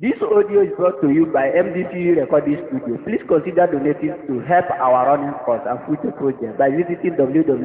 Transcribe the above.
This audio is brought to you by MDCU Recording Studio. Please consider donating to help our running costs and future projects by visiting www.